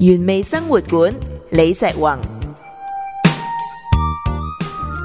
原味生活館李石宏，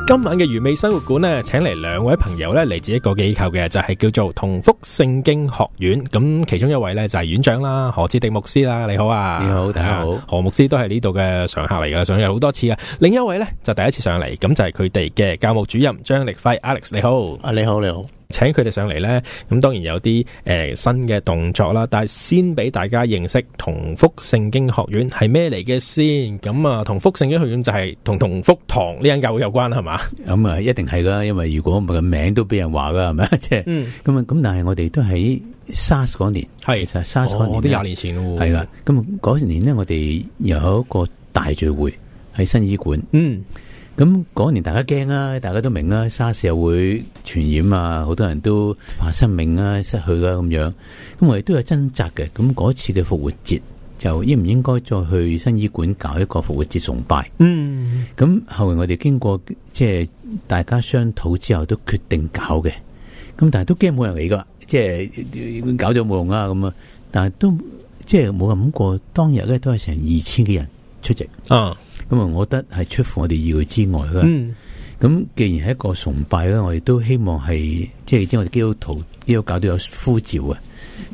今晚嘅原味生活館呢，請嚟兩位朋友呢，嚟自一個機構嘅就係、是、叫做同福聖經學院，咁其中一位呢，就係院長啦，何志迪牧師啦，你好啊，你好，大家好、啊，何牧師都係呢度嘅常客嚟噶，上嚟好多次啊。另一位呢，就第一次上嚟，咁就係佢哋嘅教務主任張力輝 Alex，你好，啊，你好你好。你好請佢哋上嚟咧，咁當然有啲誒、呃、新嘅動作啦。但係先俾大家認識同福聖經學院係咩嚟嘅先。咁、嗯、啊，同福聖經學院就係、是、同同福堂呢間教會有關啦，係嘛？咁啊、嗯，一定係啦，因為如果唔係個名都俾人話噶，係咪？即係咁啊，咁但係我哋都喺 s 沙士嗰年，係沙士嗰年，都廿、哦、年前喎，係啦。咁、那、嗰、個、年呢，我哋有一個大聚會喺新伊館，嗯。咁嗰年大家驚啊，大家都明啦，沙士又會傳染啊，好多人都怕生命啊，失去啊咁樣。咁我哋都有掙扎嘅。咁嗰次嘅復活節就應唔應該再去新醫館搞一個復活節崇拜？嗯。咁後來我哋經過即係大家商討之後，都決定搞嘅。咁但係都驚冇人嚟㗎，即係搞咗冇用啊咁啊。但係都即係冇人諗過，當日咧都係成二千幾人出席啊。咁啊，我覺得係出乎我哋意料之外啦。咁、嗯、既然係一個崇拜咧，我哋都希望係即係，我哋基督徒基督教都有呼召啊。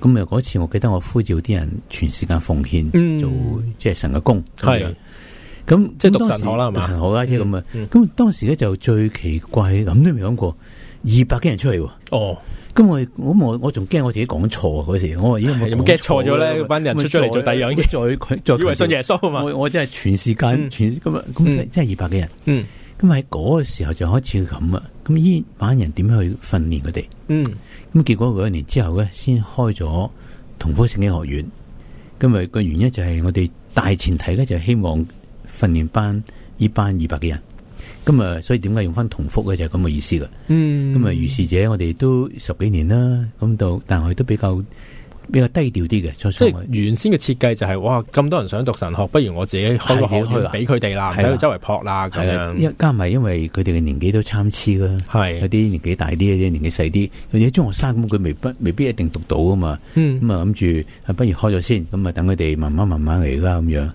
咁啊，嗰次我記得我呼召啲人全時間奉獻做,、嗯、做即係神嘅工。係咁是那即係讀神學啦，時吧讀神學啦，即係咁啊。咁、嗯嗯、當時咧就最奇怪，諗都未諗過，二百幾人出嚟喎。哦。咁我我我仲驚我自己講錯啊！嗰時我話咦，我唔驚錯咗咧，哎、班人出咗嚟做第二樣嘢，再以為信耶穌啊嘛！我真係全世界、嗯、全今日咁即係二百幾人。嗯，咁喺嗰個時候就開始咁啊！咁呢班人點樣去訓練佢哋？嗯，咁結果嗰年之後咧，先開咗同福聖經學院。今、那、日個原因就係我哋大前提咧，就是、希望訓練班呢班二百幾人。咁啊，所以點解用翻同福嘅就係咁嘅意思啦。嗯，咁啊，如是者，我哋都十幾年啦，咁到，但係都比較比較低調啲嘅，初即係原先嘅設計就係、是、哇，咁多人想讀神學，不如我自己開個學的，開俾佢哋啦，喺度周圍撲啦咁樣。一加埋，因為佢哋嘅年紀都參差啦，係的有啲年紀大啲，啲年紀細啲。有啲中學生咁，佢未必未必一定讀到啊嘛。嗯，咁啊，諗住不如開咗先，咁啊，等佢哋慢慢慢慢嚟啦，咁樣。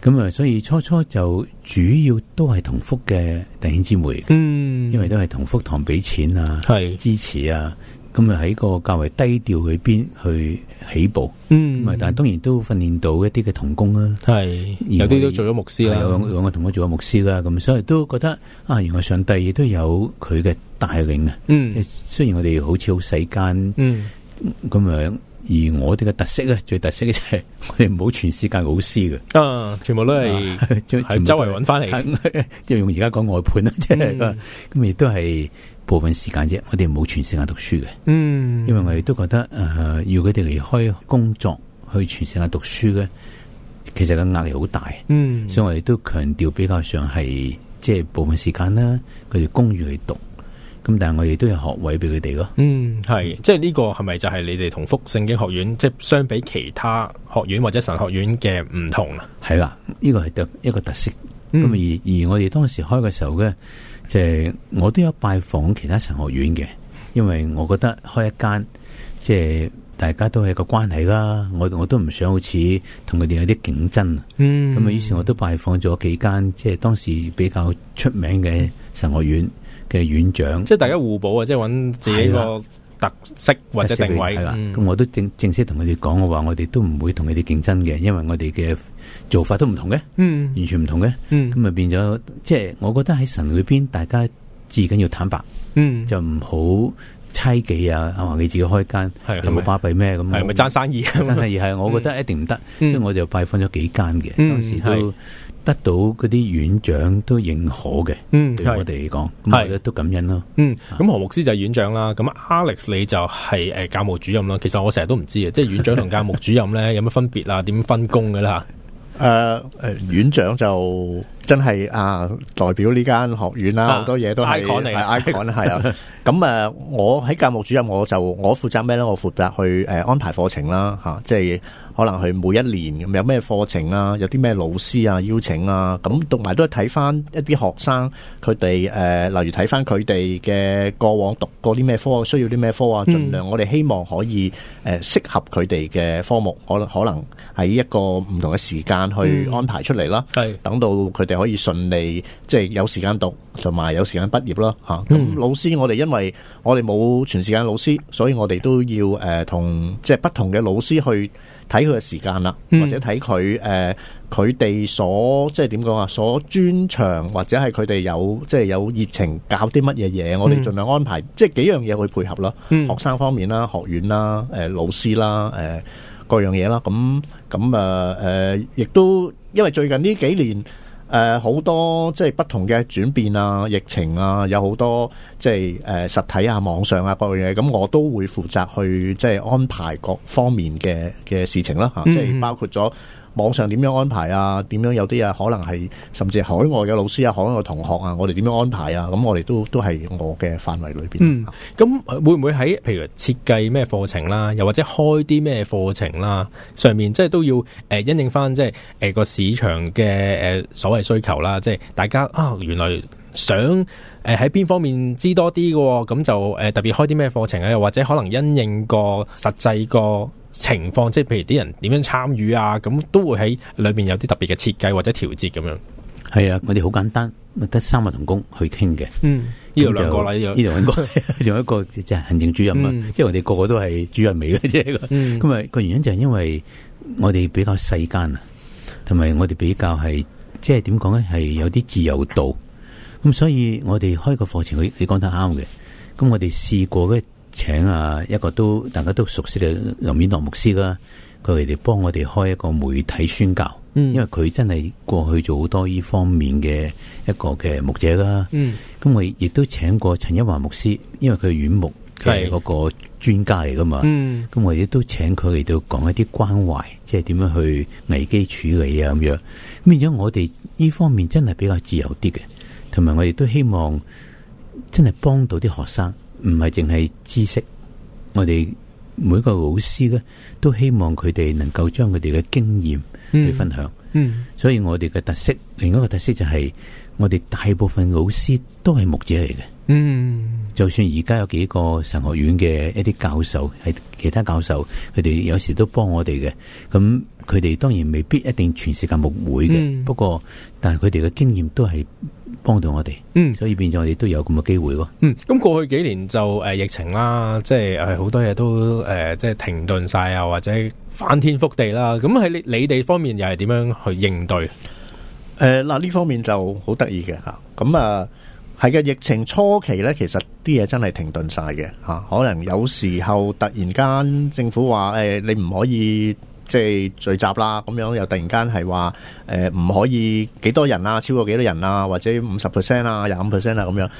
咁啊，所以初初就主要都係同福嘅弟兄姊妹，嗯，因為都係同福堂俾錢啊，係是支持啊，咁啊喺個較為低調去邊去起步，嗯，咪但係當然都訓練到一啲嘅同工啦、啊，係是，有啲都做咗牧師啦、啊，有有我同我做咗牧師啦、啊，咁所以都覺得啊，原來上帝亦都有佢嘅帶領啊，嗯，雖然我哋好似好細間，嗯，咁樣。而我哋嘅特色咧，最特色嘅就係我哋冇全職老師嘅，啊，全部都係 周圍揾翻嚟，即係 用而家講外判啦，即係咁，亦都係部分時間啫。我哋冇全職讀書嘅，嗯，因為我哋都覺得誒，要佢哋離開工作去全職讀書嘅，其實個壓力好大，嗯，所以我哋都強調比較上係即係部分時間啦，佢哋公寓去讀。咁但係我哋都有學位俾佢哋咯。嗯，係，即係呢個係咪就係你哋同福聖經學院即係相比其他學院或者神學院嘅唔同啦？係啦，呢個係特一個特色。咁、嗯、而而我哋當時開嘅時候咧，即係我都有拜訪其他神學院嘅，因為我覺得開一間即係大家都係一個關係啦，我我都唔想好似同佢哋有啲競爭。嗯，咁啊，於是我都拜訪咗幾間即係當時比較出名嘅神學院。嘅院長，即係大家互補啊！即係揾自己個特色或者定位。咁我都正正式同佢哋講嘅話，我哋都唔會同佢哋競爭嘅，因為我哋嘅做法都唔同嘅，嗯，完全唔同嘅。咁啊變咗，即係我覺得喺神裏邊，大家至緊要坦白，嗯，就唔好猜忌啊！啊話你自己開間係有冇巴閉咩咁，係咪爭生意啊？爭生意係，我覺得一定唔得，所以我就拜訪咗幾間嘅，當時都。得到嗰啲院長都認可嘅，嗯，嗯，對我哋嚟講，係咧都感恩咯。嗯，咁何牧師就係院長啦，咁 Alex 你就係誒教務主任啦。其實我成日都唔知嘅，即係院長同教務主任咧有乜分別啊？點 分工嘅咧誒誒，院長就真係啊，代表呢間學院啦，好多嘢都係 icon 嚟，icon 啦係啊。咁誒，我喺教務主任我，我就我負責咩咧？我負責去誒安排課程啦，吓，啊，即係。可能佢每一年咁、嗯，有咩課程啊？有啲咩老師啊？邀請啊？咁、嗯、讀埋都係睇翻一啲學生佢哋誒，例如睇翻佢哋嘅過往讀過啲咩科，需要啲咩科啊？盡量我哋希望可以誒，適、呃、合佢哋嘅科目，可能可能喺一個唔同嘅時間去安排出嚟啦。係、嗯、等到佢哋可以順利即係、就是、有時間讀，同埋有，有時間畢業咯吓。咁、啊嗯嗯、老師我哋因為我哋冇全時間老師，所以我哋都要誒，同、呃、即係不同嘅老師去。睇佢嘅時間啦，或者睇佢誒佢哋所即係點講啊？所專長或者係佢哋有即係有熱情搞啲乜嘢嘢，嗯、我哋盡量安排即係幾樣嘢去配合啦。學生方面啦，學院啦，誒、呃、老師啦，誒、呃、各樣嘢啦。咁咁啊誒，亦、呃呃、都因為最近呢幾年。誒，好多即係不同嘅轉變啊，疫情啊，有好多即係誒實體啊、網上啊各樣嘢，咁我都會負責去即係安排各方面嘅嘅事情啦嚇，即係包括咗。網上點樣安排啊？點樣有啲啊？可能係甚至海外嘅老師啊，海外同學啊，我哋點樣安排啊？咁我哋都都係我嘅範圍裏邊。咁、嗯、會唔會喺譬如設計咩課程啦，又或者開啲咩課程啦？上面即係都要誒、呃、因應翻，即係誒個市場嘅誒、呃、所謂需求啦。即、就、係、是、大家啊，原來想誒喺邊方面知多啲嘅、哦，咁就誒特別開啲咩課程啊？又或者可能因應個實際個。情況即係譬如啲人點樣參與啊，咁都會喺裏面有啲特別嘅設計或者調節咁樣。係啊，我哋好簡單，得三個同工去傾嘅。嗯，呢度兩個啦，呢度兩個，仲 有一個即係行政主任啊。即係、嗯、我哋個個都係主任嚟嘅，即係咁啊，個原因就係因為我哋比較細間啊，同埋我哋比較係即係點講咧，係有啲自由度。咁所以我哋開個課程，佢你講得啱嘅。咁我哋試過嘅。請啊一個都大家都熟悉嘅林遠樂牧師啦，佢哋嚟幫我哋開一個媒體宣教，嗯，因為佢真係過去做好多呢方面嘅一個嘅牧者啦。嗯，咁我亦都請過陳一華牧師，因為佢院木嘅嗰個專家嚟噶嘛，是嗯，咁我亦都請佢嚟到講一啲關懷，即係點樣去危機處理啊咁樣。咁而且我哋呢方面真係比較自由啲嘅，同埋我亦都希望真係幫到啲學生。唔係淨係知識，我哋每個老師咧都希望佢哋能夠將佢哋嘅經驗去分享。嗯，嗯，所以我哋嘅特色，另一個特色就係、是、我哋大部分老師都係木者嚟嘅。嗯，就算而家有幾個神學院嘅一啲教授、係其他教授，佢哋有時都幫我哋嘅。咁佢哋當然未必一定全時間牧會嘅，嗯、不過但係佢哋嘅經驗都係幫到我哋，嗯，所以變咗我哋都有咁嘅機會咯。嗯，咁過去幾年就誒、呃、疫情啦，即係誒好多嘢都誒、呃、即係停頓晒，又或者翻天覆地啦。咁喺你你哋方面又係點樣去應對？誒、呃，嗱呢方面就好得意嘅吓，咁啊係嘅。疫情初期咧，其實啲嘢真係停頓晒嘅吓，可能有時候突然間政府話誒、呃、你唔可以。即係聚集啦，咁樣又突然間係話，誒、呃、唔可以幾多人啊，超過幾多人啊，或者五十 percent 啊，廿五 percent 啊咁樣，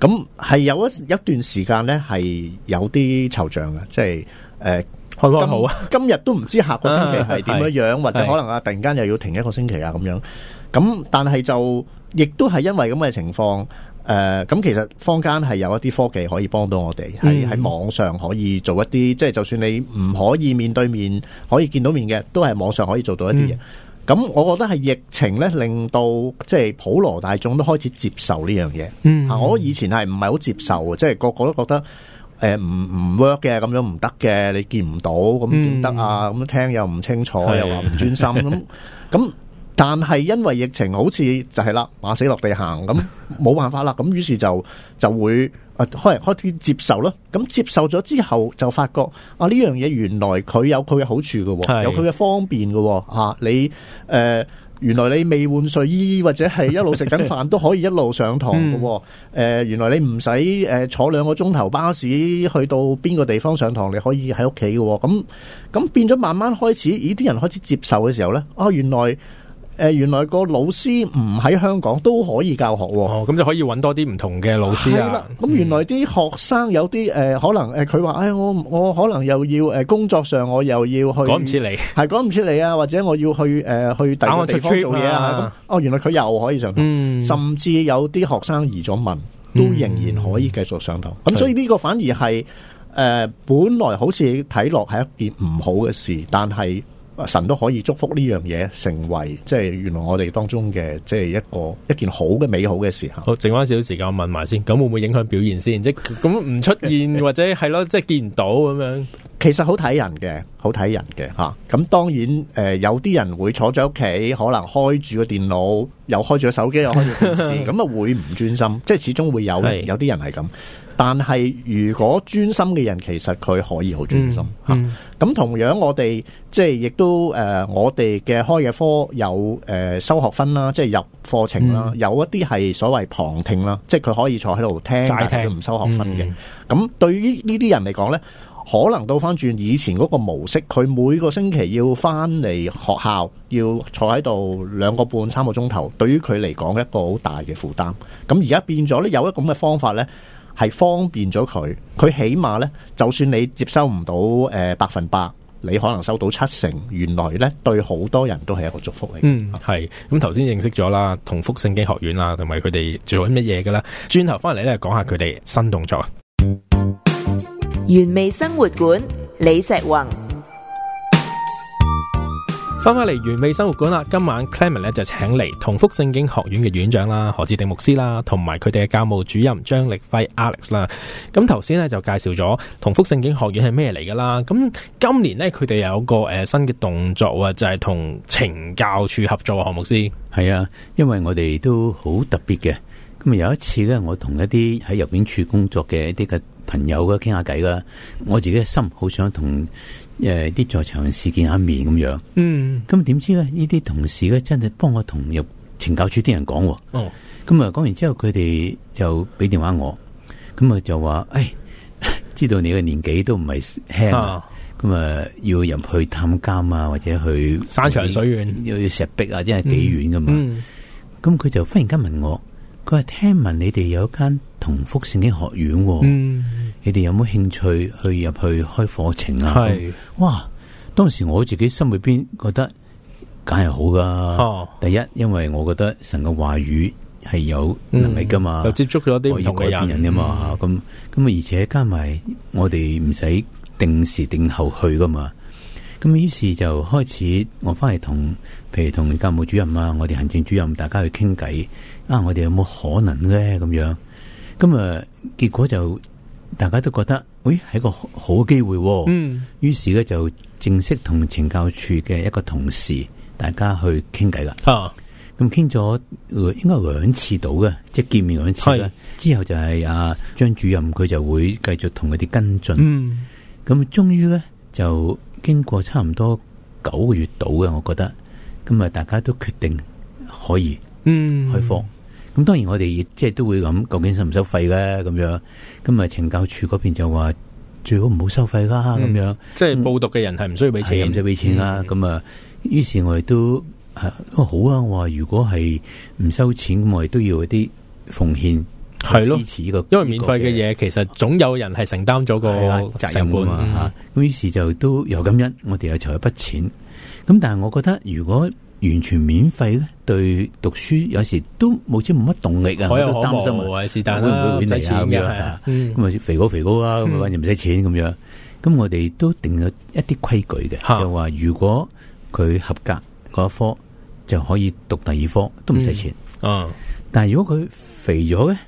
咁係有一一段時間呢，係有啲惆悵嘅，即係誒，開波好啊，今日都唔知下個星期係點樣樣，啊、或者可能啊，突然間又要停一個星期啊咁樣，咁但係就亦都係因為咁嘅情況。誒，咁、呃、其實坊間係有一啲科技可以幫到我哋，係喺網上可以做一啲，即係、嗯、就，就算你唔可以面對面可以見到面嘅，都係網上可以做到一啲嘢。咁、嗯嗯、我覺得係疫情咧令到即係普羅大眾都開始接受呢樣嘢。我以前係唔係好接受，即、就、係、是、個個都覺得誒唔唔 work 嘅，咁樣唔得嘅，你見唔到咁唔得啊，咁聽又唔清楚，又話唔專心咁。嗯嗯嗯嗯嗯嗯但係因為疫情好似就係啦，馬死落地行咁冇辦法啦，咁於是就就會、啊、開開始接受咯。咁接受咗之後，就發覺啊呢樣嘢原來佢有佢嘅好處嘅、哦，是有佢嘅方便嘅吓、哦啊。你誒、呃，原來你未換睡衣或者係一路食緊飯都可以一路上堂嘅、哦。誒、呃，原來你唔使誒坐兩個鐘頭巴士去到邊個地方上堂，你可以喺屋企嘅。咁咁變咗慢慢開始，咦啲人開始接受嘅時候呢，啊原來。誒，原來個老師唔喺香港都可以教學、啊、咁、哦、就可以揾多啲唔同嘅老師啊。咁、 啊、原來啲學生有啲誒、呃、可能誒，佢話誒，我我可能又要誒，工作上我又要去。講唔切你係講唔切你啊，或者我要去誒、呃、去第個地方做嘢啊。哦，原來佢又可以上堂，嗯、甚至有啲學生移咗民，都仍然可以繼續上堂。咁、嗯嗯、所以呢個反而係誒、呃、本來好似睇落係一件唔好嘅事，但係神都可以祝福呢樣嘢，成為，即係原來我哋當中嘅，即係一個一件好嘅美好嘅時候。好，剩翻少少時間問埋先，咁會唔會影響表現先？即係咁唔出現 或者係咯，即係見唔到咁樣。其實好睇人嘅，好睇人嘅吓。咁、啊、當然，誒、呃、有啲人會坐咗屋企，可能開住個電腦，又開住個手機，又開住電視，咁啊 會唔專心？即係始終會有，的有啲人係咁。但係，如果專心嘅人，其實佢可以好專心嚇。咁、嗯嗯啊、同樣我、呃，我哋即係亦都誒，我哋嘅開嘅科有誒收、呃、學分啦，即係入課程啦。嗯、有一啲係所謂旁聽啦，即係佢可以坐喺度聽，齋聽但係佢唔收學分嘅。咁、嗯嗯、對於呢啲人嚟講呢，可能到翻轉以前嗰個模式，佢每個星期要翻嚟學校要坐喺度兩個半三個鐘頭，對於佢嚟講一個好大嘅負擔。咁而家變咗呢，有一個咁嘅方法呢，係方便咗佢，佢起碼呢，就算你接收唔到誒百分百，你可能收到七成。原來呢，對好多人都係一個祝福嚟。嗯。嗯，係。咁頭先認識咗啦，同福聖經學院啦，同埋佢哋做緊乜嘢嘅啦。轉頭翻嚟呢，講下佢哋新動作啊。原味生活館李石宏。翻返嚟原味生活館啦，今晚 Clement 咧，就請嚟同福聖經學院嘅院長啦，何志定牧師啦，同埋佢哋嘅教務主任張力輝 Alex 啦。咁頭先咧，就介紹咗同福聖經學院係咩嚟噶啦。咁今年咧，佢哋有個誒新嘅動作啊，就係、是、同懲教處合作，何牧師。係啊，因為我哋都好特別嘅。咁啊有一次咧，我同一啲喺入境處工作嘅一啲嘅朋友咧，傾下偈啦。我自己嘅心好想同。誒，啲在場事件一、嗯、同事見下面咁樣，嗯，咁點知咧？呢啲同事咧真係幫我同入懲教處啲人講，哦，咁啊，講完之後佢哋就俾電話我，咁啊就話，誒、哎，知道你嘅年紀都唔係輕，咁啊要入去探監啊，或者去山長水遠，又要石壁啊，即係幾遠噶嘛，咁佢、嗯嗯、就忽然間問我，佢話聽聞你哋有一間同福聖經學院。嗯你哋有冇興趣去入去開課程啊？係是哇！當時我自己心裏邊覺得梗係好噶。哈第一，因為我覺得神嘅話語係有能力噶嘛，又、嗯、接觸咗啲唔同嘅人噶嘛。咁咁啊，而且加埋我哋唔使定時定候去噶嘛。咁於是就開始，我翻嚟同，譬如同教務主任啊，我哋行政主任大家去傾偈啊。我哋有冇可能咧？咁樣咁啊、嗯？結果就。大家都覺得，誒、哎，係一個好機會，哦。嗯。於是咧就正式同懲教處嘅一個同事，大家去傾偈啦。啊。咁傾咗，應該係兩次到嘅，即係見面兩次啦。是之後就係阿張主任佢就會繼續同佢哋跟進。嗯。咁終於咧就經過差唔多九個月到嘅，我覺得，咁啊，大家都決定可以，嗯，開放。嗯咁當然我哋亦即係都會諗，究竟收唔收費咧？咁樣咁啊，懲教處嗰邊就話最好唔好收費啦。咁樣即係報讀嘅人係唔需要俾錢，唔使俾錢啦。咁啊，於是我哋都好啊。我話如果係唔收錢，咁我哋都要一啲奉獻，係咯了，支持呢、這個，因為免費嘅嘢其實總有人係承擔咗個責任嘛啊。咁於、嗯嗯、是就都又咁樣，我哋又籌一筆錢。咁但係我覺得如果。完全免費咧，對讀書有時都冇知冇乜動力啊，可可我都擔心啊，是但啦，會唔會唔使錢嘅？咁啊，肥哥肥哥啊，咁反正唔使錢咁樣。咁我哋都定咗一啲規矩嘅，嗯、就話如果佢合格嗰科就可以讀第二科，都唔使錢嗯。嗯，嗯嗯但係如果佢肥咗咧，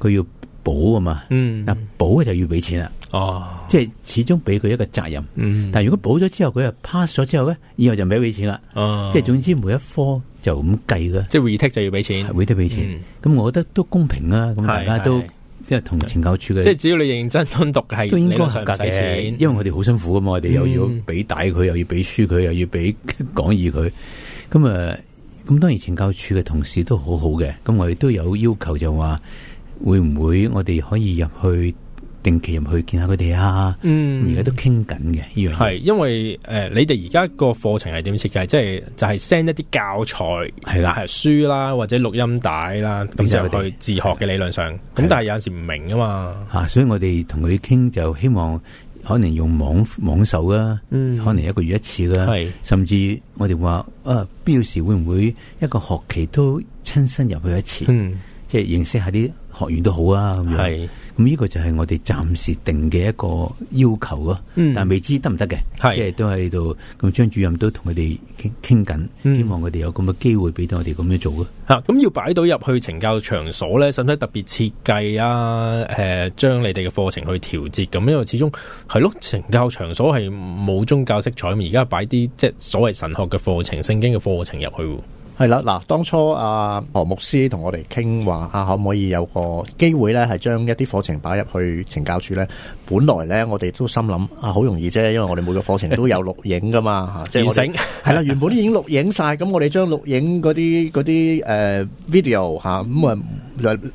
佢要。補啊嘛，嗱，補嘅就要俾錢啦。哦，即係始終俾佢一個責任。嗯、但係如果補咗之後佢又 pass 咗之後咧，以後就唔使俾錢啦。哦，即係總之每一科就咁計噶。即係 retake 就要俾錢，retake 俾錢。咁、嗯、我覺得都公平啊。咁大家都是是是是即係同懲教處嘅，即係只要你認真通讀係，都應該唔使錢。因為我哋好辛苦噶嘛，嗯、我哋又要俾帶佢，又要俾書佢，又要俾講義佢。咁啊，咁當然懲教處嘅同事都好好嘅。咁我哋都有要求就話，會唔會我哋可以入去定期入去見下佢哋啊？嗯，而家都傾緊嘅呢樣係，因為誒、呃，你哋而家個課程係點設計？即係就係、是、send 一啲教材係啦，係的書啦，或者錄音帶啦，咁就去自學嘅理論上。咁的但係有陣時唔明啊嘛吓，所以我哋同佢傾就希望可能用網網授啦、啊，嗯，可能一個月一次啦、啊，係的，甚至我哋話誒，必要時會唔會一個學期都親身入去一次？嗯。即係認識下啲學員都好啊，咁是樣。係、嗯，咁呢個就係我哋暫時定嘅一個要求啊，嗯、但係未知得唔得嘅，是即係都喺度。咁張主任都同佢哋傾傾緊，希望佢哋有咁嘅機會俾到我哋咁樣做咯。吓、嗯，咁、嗯嗯、要擺到入去懲教場所咧，使唔使特別設計啊？誒、呃，將你哋嘅課程去調節咁，因為始終係咯，懲教場所係冇宗教色彩。而家擺啲即係所謂神學嘅課程、聖經嘅課程入去。係啦，嗱，當初阿何牧師同我哋傾話啊，可唔可以有個機會咧，係將一啲課程擺入去懲教處咧？本來咧，我哋都心諗啊，好容易啫，因為我哋每個課程都有錄影噶嘛，即係係啦，原本已經錄影晒，咁我哋將錄影嗰啲啲誒 video 吓，啊，咁啊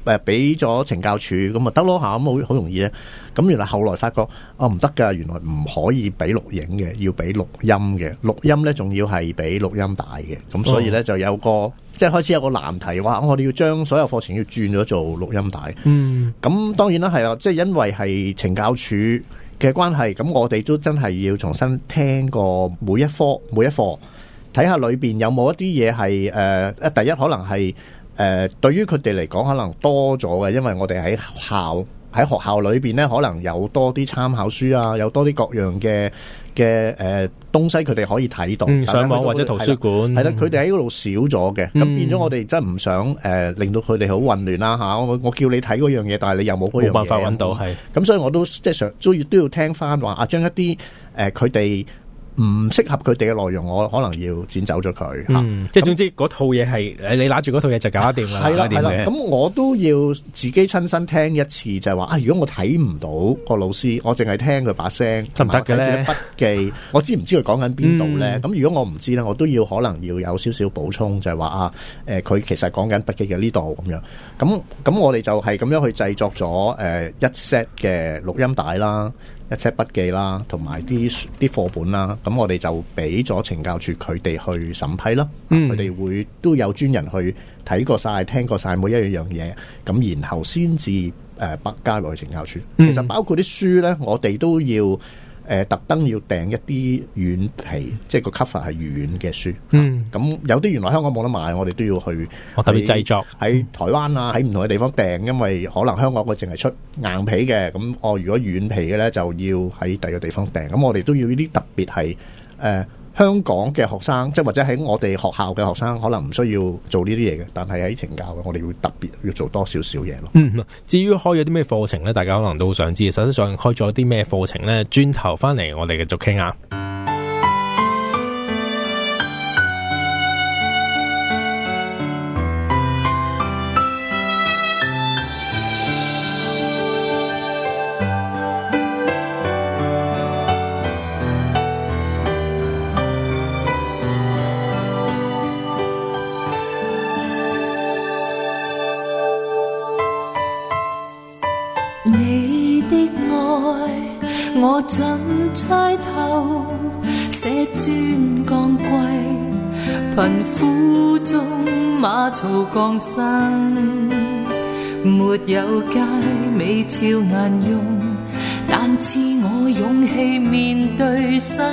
誒俾咗懲教處，咁啊得咯吓，咁好好容易咧。咁原來後來發覺，哦，唔得㗎，原來唔可以俾錄影嘅，要俾錄音嘅，錄音呢仲要係俾錄音帶嘅，咁所以呢就有個即係開始有個難題，哇！我哋要將所有課程要轉咗做錄音帶。嗯，咁當然啦，係啊，即係因為係懲教署嘅關係，咁我哋都真係要重新聽過每一科每一課，睇下裏邊有冇一啲嘢係誒，第一可能係誒對於佢哋嚟講可能多咗嘅，因為我哋喺校。喺學校裏邊咧，可能有多啲參考書啊，有多啲各樣嘅嘅誒東西，佢哋可以睇到，嗯，上網或者圖書館係啦，佢哋喺嗰度少咗嘅，咁、嗯、變咗我哋真係唔想誒、呃、令到佢哋好混亂啦吓。我我叫你睇嗰樣嘢，但係你又冇，冇辦法揾到係。咁、嗯、的所以我都即係想都要都要聽翻話啊，將一啲誒佢哋。呃唔適合佢哋嘅內容，我可能要剪走咗佢。嗯，即係、嗯、總之嗰套嘢係你拿住嗰套嘢就搞掂啦。係啦係啦，咁我都要自己親身聽一次，就係、是、話啊，如果我睇唔到個老師，我淨係聽佢把聲，得唔得嘅咧？筆、啊、記， 我知唔知佢講緊邊度咧？咁、嗯、如果我唔知咧，我都要可能要有少少補充，就係、是、話啊，誒、呃，佢其實講緊筆記嘅呢度咁樣。咁咁，我哋就係咁樣去製作咗誒一 set 嘅錄音帶啦。一些筆記啦，同埋啲啲課本啦，咁我哋就俾咗懲教處佢哋去審批啦。佢哋、嗯、會都有專人去睇過晒、聽過晒每一樣嘢，咁然後先至北交落去懲教處。其實包括啲書呢，我哋都要。誒特登要訂一啲軟皮，即係個 cover 係軟嘅書。嗯，咁、啊、有啲原來香港冇得賣，我哋都要去特別製作喺台灣啊，喺唔同嘅地方訂，因為可能香港佢淨係出硬皮嘅，咁我如果軟皮嘅呢，就要喺第二個地方訂。咁我哋都要呢啲特別係誒。呃香港嘅學生，即係或者喺我哋學校嘅學生，可能唔需要做呢啲嘢嘅，但係喺懲教嘅，我哋會要特別要做多少少嘢咯。嗯，至於開咗啲咩課程呢？大家可能都想知，實質上開咗啲咩課程呢？轉頭翻嚟我哋繼續傾啊。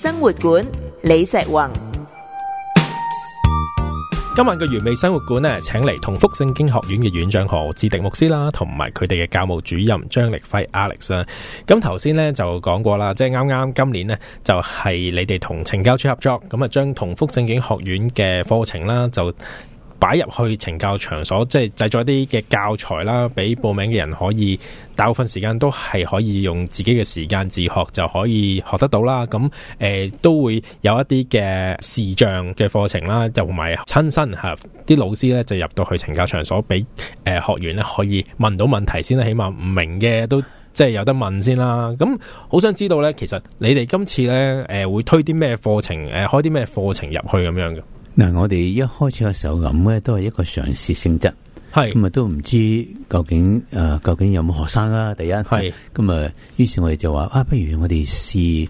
生活館李石宏，今晚嘅完美生活館咧，請嚟同福聖經學院嘅院長何志迪牧師啦，同埋佢哋嘅教務主任張力輝 Alex。咁頭先呢就講過啦，即係啱啱今年呢就係你哋同懲教處合作，咁啊將同福聖經學院嘅課程啦就。擺入去懲教場所，即係製作一啲嘅教材啦，俾報名嘅人可以。大部分時間都係可以用自己嘅時間自學就可以學得到啦。咁誒、呃、都會有一啲嘅視像嘅課程啦，又唔係親身吓啲、啊、老師呢就入到去懲教場所俾誒、呃、學員呢可以問到問題先啦，起碼唔明嘅都即係有得問先啦。咁好想知道呢，其實你哋今次呢誒、呃、會推啲咩課程？誒、呃、開啲咩課程入去咁樣嘅？嗱，我哋一開始嘅時候諗咧，都係一個嘗試性質，係咁啊，都唔知究竟誒、呃、究竟有冇學生啦、啊。第一，係咁啊，於是我，我哋就話啊，不如我哋試誒、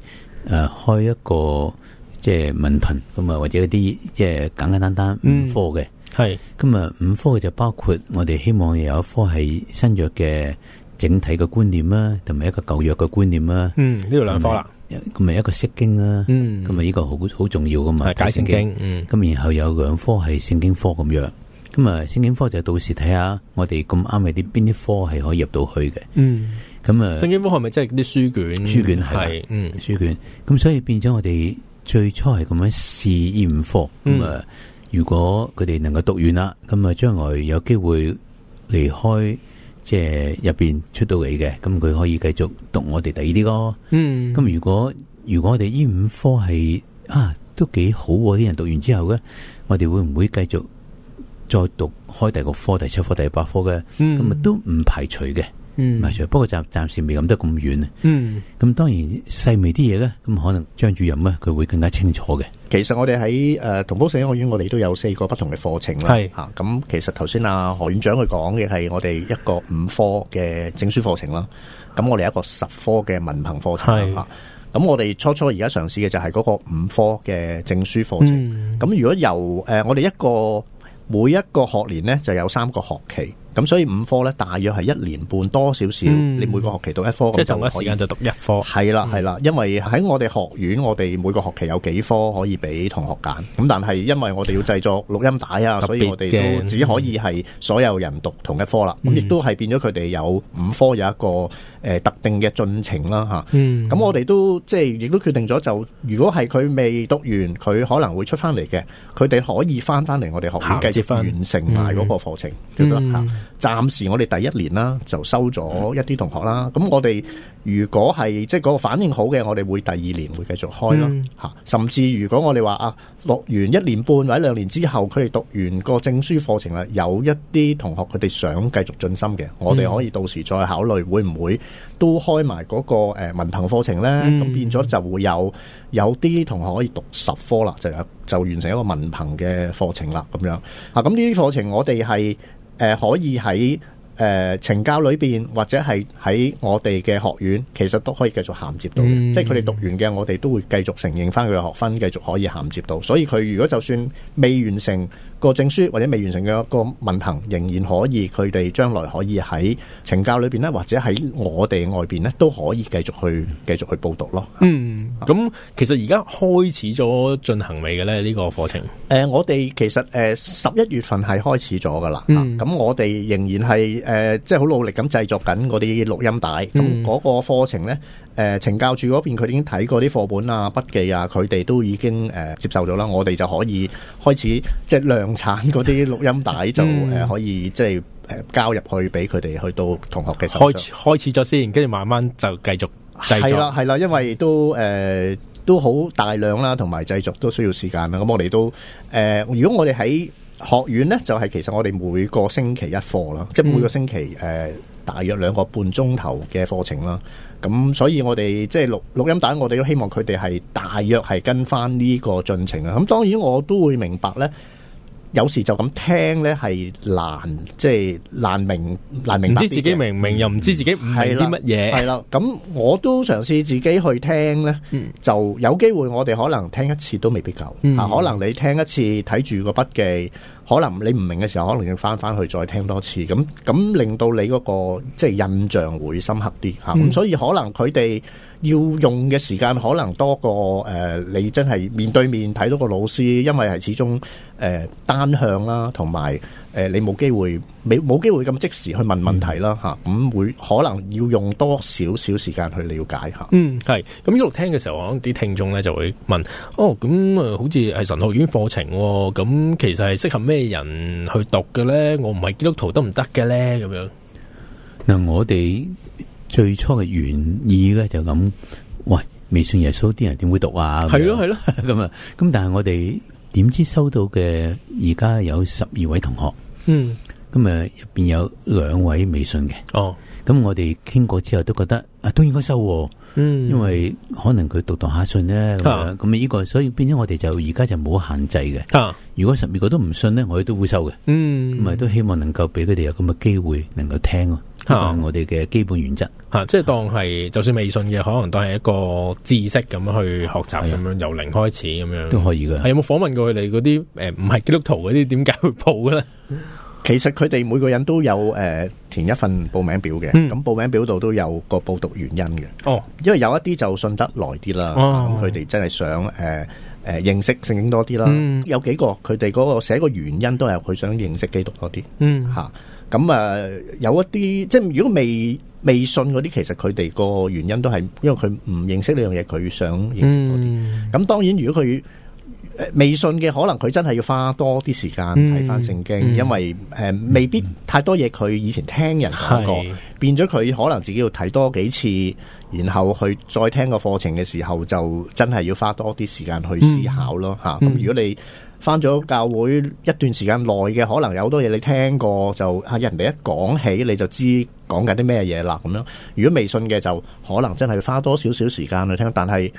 呃、開一個即係文憑，咁啊，或者一啲即係簡簡單單五科嘅，係咁啊，五科、嗯、就包括我哋希望有一科係新約嘅整體嘅觀念啦、啊，同埋一個舊約嘅觀念啦、啊。嗯，呢度兩科啦。嗯咁咪一個釋經啦，咁咪呢個好好重要噶嘛？解聖經，咁、嗯、然後有兩科係聖經科咁樣，咁啊、嗯、聖經科就到時睇下我哋咁啱嘅啲邊啲科係可以入到去嘅，嗯，咁啊樣聖經科係咪真係啲書卷？書卷係，嗯，書卷，咁所以變咗我哋最初係咁樣試驗科，咁啊、嗯，如果佢哋能夠讀完啦，咁啊將來有機會離開。即係入邊出到嚟嘅，咁佢可以繼續讀我哋第二啲咯。咁、嗯、如果如果我哋呢五科係啊都幾好喎，啲人讀完之後咧，我哋會唔會繼續再讀開第二個科、第七科、第八科嘅？咁啊都唔排除嘅。嗯，唔係錯，不過暫暫時未諗得咁遠啊。嗯，咁當然細微啲嘢咧，咁可能張主任咧，佢會更加清楚嘅。其實我哋喺誒同福聖經學院，我哋都有四個不同嘅課程啦。係吓是，咁、啊、其實頭先阿何院長佢講嘅係我哋一個五科嘅證書課程啦。咁我哋一個十科嘅文憑課程啊。咁我哋初初而家嘗試嘅就係嗰個五科嘅證書課程。咁如果由誒、呃、我哋一個每一個學年咧就有三個學期。咁所以五科呢，大約係一年半多少少。嗯、你每個學期讀一科，即係同一時間就讀一科。係啦的，係啦、嗯，因為喺我哋學院，我哋每個學期有幾科可以俾同學揀。咁但係因為我哋要製作錄音帶啊，所以我哋就只可以係所有人讀同一科啦。咁亦、嗯、都係變咗佢哋有五科有一個誒特定嘅進程啦，嚇、嗯。咁我哋都即係亦都決定咗，就如果係佢未讀完，佢可能會出翻嚟嘅。佢哋可以翻翻嚟我哋學院繼續完成埋嗰個課程，得啦、嗯嗯嗯嗯嗯暫時我哋第一年啦、嗯，就收咗一啲同學啦。咁我哋如果係即係嗰個反應好嘅，我哋會第二年會繼續開咯。吓、嗯，甚至如果我哋話啊，落完一年半或者兩年之後，佢哋讀完個證書課程啦，有一啲同學佢哋想繼續進深嘅，嗯、我哋可以到時再考慮會唔會都開埋嗰個誒文憑課程呢。咁、嗯、變咗就會有有啲同學可以讀十科啦，就就完成一個文憑嘅課程啦。咁樣啊，咁呢啲課程我哋係。誒、呃、可以喺。誒，懲、呃、教裏邊或者係喺我哋嘅學院，其實都可以繼續銜接到、嗯、即係佢哋讀完嘅，我哋都會繼續承認翻佢嘅學分，繼續可以銜接到。所以佢如果就算未完成個證書或者未完成嘅個文憑，仍然可以佢哋將來可以喺懲教裏邊咧，或者喺我哋外邊咧，都可以繼續去繼續去報讀咯。嗯，咁其實而家開始咗進行未嘅咧呢、這個課程？誒、呃，我哋其實誒十一月份係開始咗噶啦，咁、嗯、我哋仍然係。誒、呃，即係好努力咁製作緊嗰啲錄音帶，咁嗰、嗯、個課程呢，誒、呃，懲教處嗰邊佢已經睇過啲課本啊、筆記啊，佢哋都已經誒、呃、接受咗啦，我哋就可以開始即係量產嗰啲錄音帶，就誒可以、嗯、即係誒、呃、交入去俾佢哋去到同學嘅手開。開開始咗先，跟住慢慢就繼續製作係啦係啦，因為都誒、呃、都好大量啦，同埋製作都需要時間啊。咁我哋都誒、呃，如果我哋喺學院呢，就係、是、其實我哋每個星期一課啦，即係每個星期誒、呃、大約兩個半鐘頭嘅課程啦。咁所以我哋即係錄錄音帶，我哋都希望佢哋係大約係跟返呢個進程啊。咁當然我都會明白呢。有時就咁聽呢係難，即係難明難明，知自己明唔明、嗯、又唔知自己唔明啲乜嘢。係啦的，咁 我都嘗試自己去聽呢，嗯、就有機會我哋可能聽一次都未必夠。嗯、啊，可能你聽一次睇住個筆記，可能你唔明嘅時候，可能要返返去再聽多次。咁咁令到你嗰、嗰個即係印象會深刻啲吓。咁、啊嗯嗯、所以可能佢哋。要用嘅時間可能多過誒、呃，你真係面對面睇到個老師，因為係始終誒、呃、單向啦，同埋誒你冇機會，你冇機會咁即時去問問題啦，吓咁、嗯啊、會可能要用多少少時間去了解下。嗯，係咁一路聽嘅時候，可能啲聽眾咧就會問：哦，咁啊，好似係神學院課程，哦，咁其實係適合咩人去讀嘅咧？我唔係基督徒得唔得嘅咧，咁樣。嗱，我哋。最初嘅原意咧就咁，喂，未信耶穌啲人點會讀啊？係咯係咯咁啊！咁 但係我哋點知收到嘅而家有十二位同學，嗯，咁啊入邊有兩位未信嘅，哦，咁我哋傾過之後都覺得啊都應該收、啊，嗯，因為可能佢讀讀下信咧咁咁呢個所以變咗我哋就而家就冇限制嘅，啊、如果十二個都唔信咧，我哋都會收嘅，嗯，咁啊都希望能夠俾佢哋有咁嘅機會能夠聽。我哋嘅基本原則吓、啊，即係當係，就算未信嘅，可能都係一個知識咁樣去學習，咁樣的由零開始咁樣都可以嘅。係有冇訪問過佢哋嗰啲誒唔係基督徒嗰啲，點解會報嘅咧？其實佢哋每個人都有誒、呃、填一份報名表嘅，咁、嗯、報名表度都有個報讀原因嘅。哦，因為有一啲就信得耐啲啦，咁佢哋真係想誒誒、呃呃、認識聖經多啲啦。嗯、有幾個佢哋嗰個寫個原因都係佢想認識基督多啲。嗯，吓、嗯。咁啊、呃，有一啲即係如果未未信嗰啲，其實佢哋個原因都係因為佢唔認識呢樣嘢，佢想認識多啲。咁、嗯、當然，如果佢未信嘅，可能佢真係要花多啲時間睇翻聖經，嗯嗯、因為誒、呃、未必太多嘢，佢以前聽人講過，是變咗佢可能自己要睇多，多幾次，然後去再聽個課程嘅時候，就真係要花多啲時間去思考咯吓。咁、嗯嗯嗯嗯嗯啊、如果你翻咗教會一段時間內嘅，可能有好多嘢你聽過就吓人哋一講起你就知講緊啲咩嘢啦咁樣。如果未信嘅就可能真係花多少少時間去聽，但係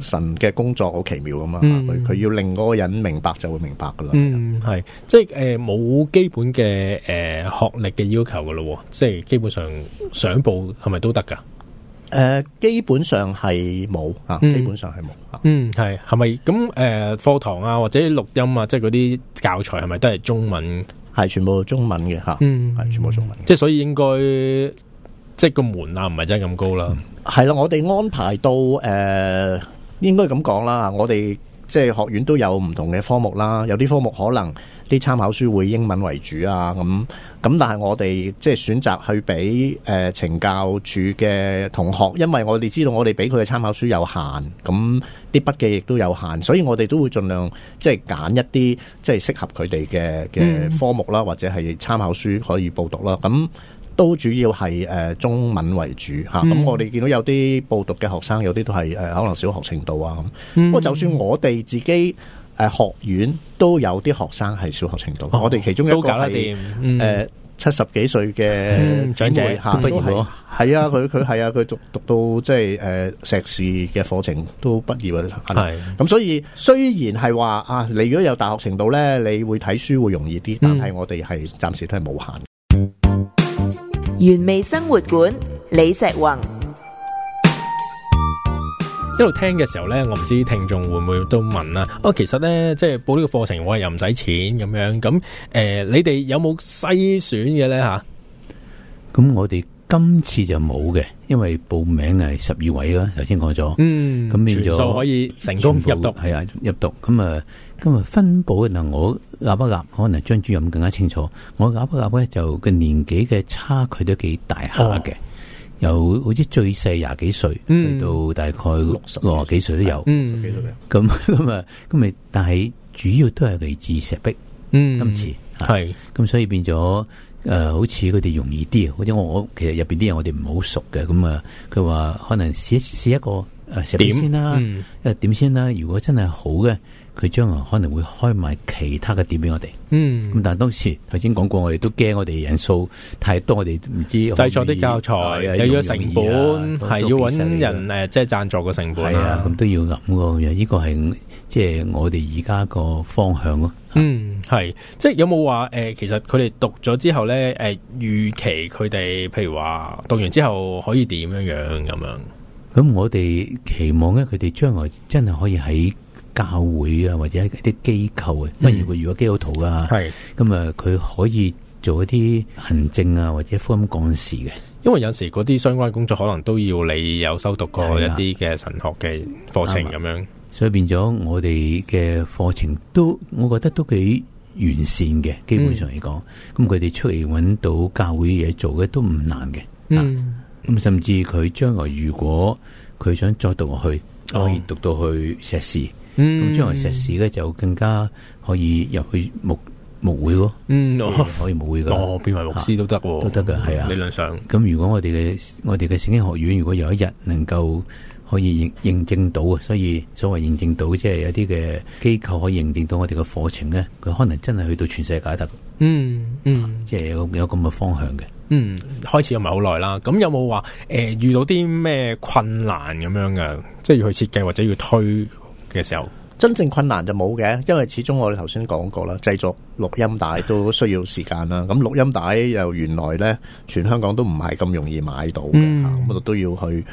神嘅工作好奇妙咁啊！佢、嗯、要令嗰個人明白就會明白噶啦。嗯，係、嗯、即係冇、呃、基本嘅誒、呃、學歷嘅要求噶咯，即係基本上上報係咪都得噶？誒、呃，基本上係冇啊，基本上係冇。嗯，係係咪咁？誒，課、呃、堂啊，或者錄音啊，即係嗰啲教材係咪都係中文？係全部中文嘅，吓。啊、嗯，係全部中文。即係所以應該，即係個門檻，唔係真係咁高啦。係啦、啊，我哋安排到，誒、呃，應該咁講啦。我哋即係學院都有唔同嘅科目啦，有啲科目可能。啲參考書會英文為主啊，咁咁，但係我哋即係選擇去俾誒懲教處嘅同學，因為我哋知道我哋俾佢嘅參考書有限，咁、嗯、啲筆記亦都有限，所以我哋都會盡量即係揀一啲即係適合佢哋嘅嘅科目啦，或者係參考書可以報讀啦。咁、嗯、都主要係誒、呃、中文為主嚇。咁我哋見到有啲報讀嘅學生，有啲都係誒、呃、可能小學程度啊。不過就算我哋自己。誒，學院都有啲學生係小學程度，我哋其中一個係誒七十幾歲嘅姊妹吓，畢業係啊，佢佢係啊，佢讀讀到即係誒碩士嘅課程都畢業啊，係咁，所以雖然係話啊，你如果有大學程度咧，你會睇書會容易啲，但係我哋係暫時都係冇限。原味生活館，李石宏。一路聽嘅時候咧，我唔知聽眾會唔會都問啊。不過，其實咧，即係報呢個課程，我話又唔使錢咁樣。咁、呃、誒，你哋有冇篩選嘅咧吓？咁我哋今次就冇嘅，因為報名係十二位啦，頭先講咗。嗯，咁變咗就可以成功部入讀，係啊入讀。咁、嗯、啊，今日分保嗱，我阿不阿可能張主任更加清楚。我阿不阿咧就個年紀嘅差距都幾大下嘅。哦由好似最細廿幾歲，去、嗯、到大概六十幾歲都有。咁咁啊，咁咪 但係主要都係嚟自石壁、嗯、今次，係咁是、啊、所以變咗誒、呃，好似佢哋容易啲啊！好似我其實入邊啲人我哋唔好熟嘅，咁、嗯、啊，佢話可能試一試一個誒石壁先啦、啊，嗯、因為點先啦、啊？如果真係好嘅。佢將來可能會開埋其他嘅店俾我哋。嗯，咁但係當時頭先講過，我哋都驚我哋人數太多，我哋唔知可唔可以製作啲教材，哎、呀又要有個成本係要搵人誒，即係贊助個成本啊。咁都要諗嘅，又呢個係即係我哋而家個方向咯。嗯，係即係有冇話誒，其實佢哋讀咗之後咧，誒、呃、預期佢哋譬如話讀完之後可以點樣樣咁樣？咁我哋期望咧，佢哋將來真係可以喺。教會啊，或者一啲機構啊，不如佢如果基督徒啊，咁啊佢可以做一啲行政啊，或者福音幹事嘅。因為有時嗰啲相關工作可能都要你有修讀過一啲嘅神學嘅課程咁、啊、樣，所以變咗我哋嘅課程都我覺得都幾完善嘅，基本上嚟講，咁佢哋出嚟揾到教會嘢做嘅都唔難嘅。嗯，咁、啊、甚至佢將來如果佢想再讀落去，可以讀到去碩士。嗯，咁將來碩士咧就更加可以入去牧牧會咯。嗯，可以牧會噶，哦，變為牧師都得、啊啊，都得噶，係啊。理論上，咁如果我哋嘅我哋嘅聖經學院，如果有一日能夠可以認認證到啊，所以所謂認證到，即係有啲嘅機構可以認證到我哋嘅課程咧，佢可能真係去到全世界得、嗯。嗯嗯，即係、啊就是、有咁嘅方向嘅。嗯，開始又唔係好耐啦。咁有冇話誒遇到啲咩困難咁樣噶？即係要去設計或者要推嘅時候，真正困難就冇嘅，因為始終我哋頭先講過啦，製作錄音帶都需要時間啦。咁錄音帶又原來呢，全香港都唔係咁容易買到嘅，咁我、嗯啊、都要去誒、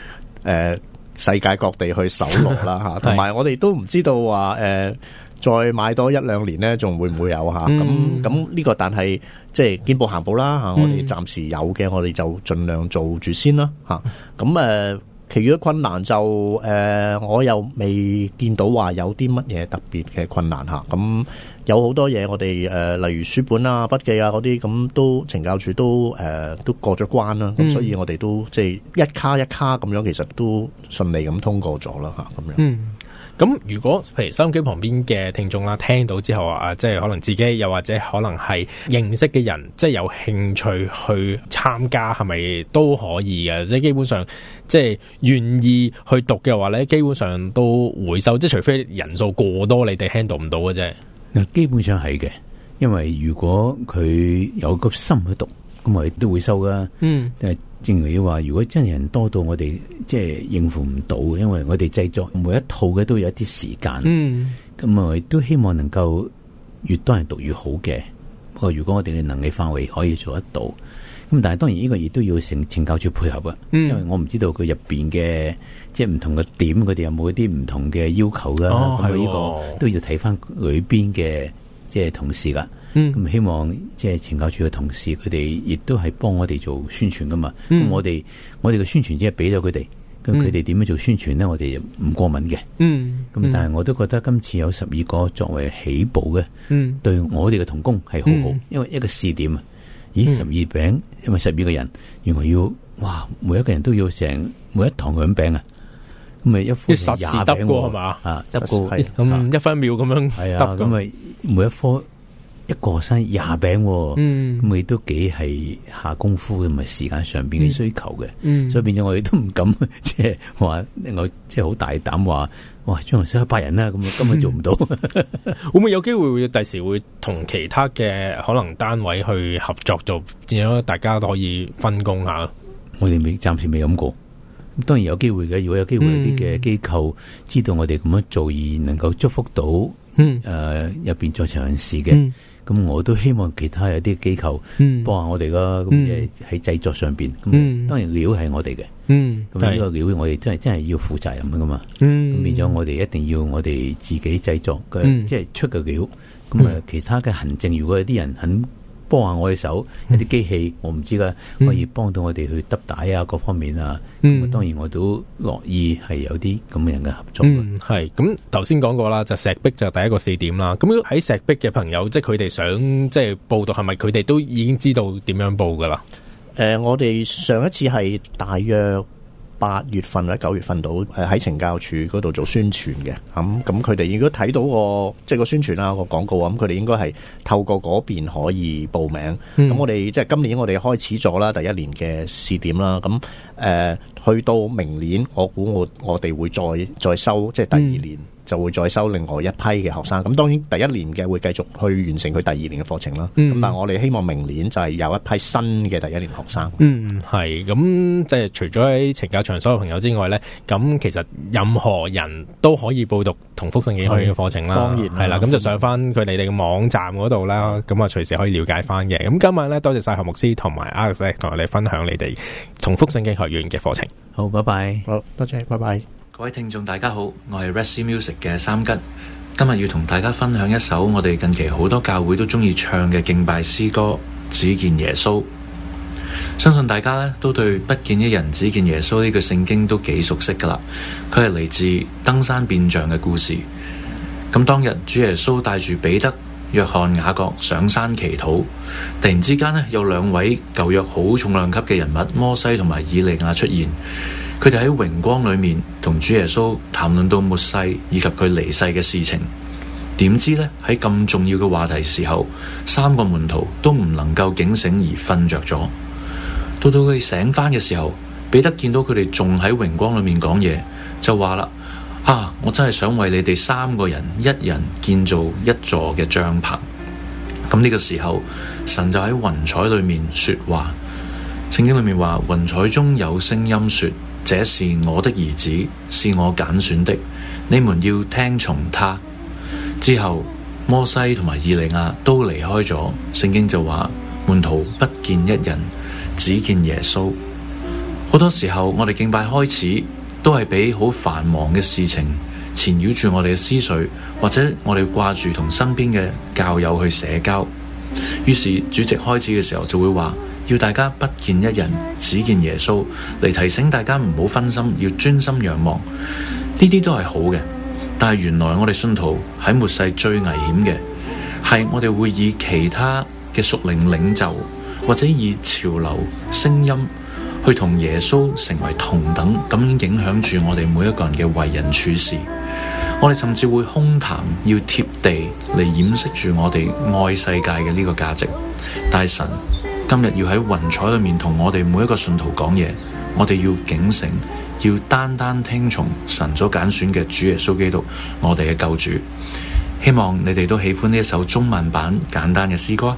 呃、世界各地去搜錄啦吓。同埋 我哋都唔知道話誒、呃，再買多一兩年呢，仲會唔會有吓？咁咁呢個但係即係見步行步啦吓、啊，我哋暫時有嘅，我哋就盡量做住先啦吓。咁、啊、誒。啊其餘困難就誒、呃，我又未見到話有啲乜嘢特別嘅困難嚇。咁、啊嗯、有好多嘢，我哋誒例如書本啊、筆記啊嗰啲，咁、嗯、都懲教處都誒都過咗關啦。咁、啊、所以我哋都即係、就是、一卡一卡咁樣，其實都順利咁通過咗啦嚇，咁、啊、樣。嗯咁如果譬如收音機旁邊嘅聽眾啦，聽到之後啊，即係可能自己又或者可能係認識嘅人，即係有興趣去參加，係咪都可以嘅？即係基本上，即係願意去讀嘅話咧，基本上都回收，即係除非人數過多，你哋 handle 唔到嘅啫。嗱，基本上係嘅，因為如果佢有個心去讀，咁我都會收噶。嗯，正如你話，如果真人多到我哋即係應付唔到，因為我哋製作每一套嘅都有一啲時間，咁啊、嗯、都希望能夠越多人讀越好嘅。不過如果我哋嘅能力範圍可以做得到，咁但係當然呢個亦都要懲懲教署配合啊。嗯、因為我唔知道佢入邊嘅即係唔同嘅點，佢哋有冇一啲唔同嘅要求啦。咁啊呢個、哦、都要睇翻裡邊嘅。即係同事㗎，咁、嗯、希望即係懲教署嘅同事，佢哋亦都係幫我哋做宣傳噶嘛。咁、嗯、我哋我哋嘅宣傳只係俾咗佢哋，咁佢哋點樣做宣傳咧？我哋就唔過敏嘅。咁、嗯、但係我都覺得今次有十二個作為起步嘅，嗯、對我哋嘅同工係好好，嗯、因為一個試點啊。咦，十二餅，因為十二個人，原來要哇，每一個人都要成每一堂兩餅啊！咁咪一科要廿餅係嘛？啊，一個咁一分秒咁樣，係啊，咁咪每一科一個生廿餅，嗯，咁亦都幾係下功夫嘅，咪時間上邊嘅需求嘅，所以變咗我哋都唔敢即係話，我即係好大膽話，哇，將來收一百人啦，咁根本做唔到，嗯、 會唔會有機會會第時會同其他嘅可能單位去合作做，點樣大家都可以分工下。我哋未暫時未諗過。咁當然有機會嘅，如果有機會有啲嘅機構知道我哋咁樣做而能夠祝福到，誒入邊再嘗試嘅，咁我都希望其他有啲機構幫下我哋咯。咁嘅喺製作上邊，當然料係我哋嘅，咁呢個料我哋真係真係要負責任噶嘛。變咗我哋一定要我哋自己製作嘅，即係出嘅料。咁啊，其他嘅行政如果有啲人肯。幫下我哋手一啲機器，我唔知啦，可以幫到我哋去揼帶啊，各方面啊。咁、嗯、當然我都樂意係有啲咁樣嘅合作。嗯，係咁頭先講過啦，就石壁就第一個四點啦。咁喺石壁嘅朋友，即係佢哋想即係報道，係咪佢哋都已經知道點樣報噶啦？誒、呃，我哋上一次係大約。八月份或九月份到，喺懲教署嗰度做宣傳嘅，咁咁佢哋如果睇到個即係個宣傳啊個廣告啊，咁佢哋應該係透過嗰邊，可以報名。咁、嗯、我哋即係今年我哋開始咗啦，第一年嘅試點啦。咁、嗯、誒、呃、去到明年我估我我哋會再再收，即係第二年。嗯就會再收另外一批嘅學生，咁當然第一年嘅會繼續去完成佢第二年嘅課程啦。咁、嗯、但係我哋希望明年就係有一批新嘅第一年學生。嗯，係咁即係除咗喺懲教場所有朋友之外呢，咁其實任何人都可以報讀同福聖經學院嘅課程啦。當然係啦，咁的、啊、就上翻佢哋哋嘅網站嗰度啦，咁啊隨時可以了解翻嘅。咁今日呢，多謝晒何牧師同埋 Alex 同我哋分享你哋同福聖經學院嘅課程。好，拜拜。好多謝，拜拜。各位聽眾大家好，我係 Resi Music 嘅三吉，今日要同大家分享一首我哋近期好多教會都中意唱嘅敬拜詩歌《只見耶穌》。相信大家咧都對不見一人，只見耶穌呢句聖經都幾熟悉噶啦。佢係嚟自登山變像嘅故事。咁當日主耶穌帶住彼得、約翰、雅各上山祈禱，突然之間咧有兩位舊約好重量級嘅人物摩西同埋以利亞出現。佢哋喺榮光裏面同主耶穌談論到末世以及佢離世嘅事情，點知呢？喺咁重要嘅話題時候，三個門徒都唔能夠警醒而瞓着咗。到到佢哋醒返嘅時候，彼得見到佢哋仲喺榮光裏面講嘢，就話喇：啊，我真係想為你哋三個人一人建造一座嘅帳篷。咁呢個時候，神就喺雲彩裏面說話。聖經裏面話，雲彩中有聲音說：這是我的兒子，是我揀選的，你們要聽從他。之後，摩西同埋以利亞都離開咗，聖經就話門徒不見一人，只見耶穌。好多時候，我哋敬拜開始，都係俾好繁忙嘅事情纏繞住我哋嘅思緒，或者我哋掛住同身邊嘅教友去社交，於是主席開始嘅時候就會話：要大家不見一人，只見耶穌，嚟提醒大家唔好分心，要專心仰望。呢啲都係好嘅，但係原來我哋信徒喺末世最危險嘅係我哋會以其他嘅屬靈領袖或者以潮流聲音去同耶穌成為同等咁影響住我哋每一個人嘅為人處事。我哋甚至會空談，要貼地嚟掩飾住我哋愛世界嘅呢個價值，但係神，今日要喺雲彩裏面同我哋每一個信徒講嘢，我哋要警醒，要單單聽從神所揀選嘅主耶穌基督，我哋嘅救主。希望你哋都喜歡呢一首中文版簡單嘅詩歌。